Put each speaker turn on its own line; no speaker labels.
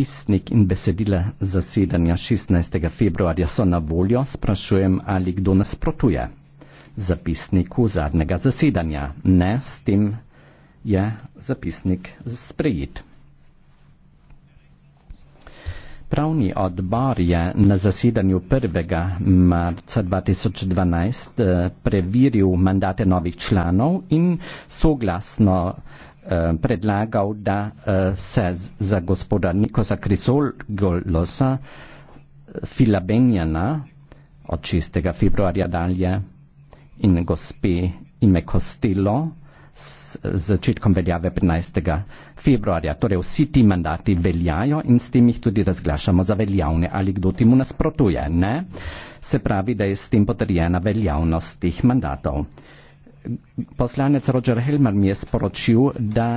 zapisnik in besedila zasedanja 16. februarja so na voljo, sprašujem, ali kdo nasprotuje zapisniku zadnjega zasedanja. Ne, s tem je zapisnik sprejet. Pravni odbor je na zasedanju 1. marca 2012 eh, preveril mandate novih članov in soglasno Eh, predlagal, da eh, se za gospoda Nikosa Krisolgolosa eh, Filabenjana od 6. februarja dalje in gospe ime Kostelo z začetkom veljave 15. februarja. Torej vsi ti mandati veljajo in s tem jih tudi razglašamo za veljavne. Ali kdo temu nasprotuje? Ne. Se pravi, da je s tem potrjena veljavnost teh mandatov poslanec Roger
Helmer mi je sporočil, da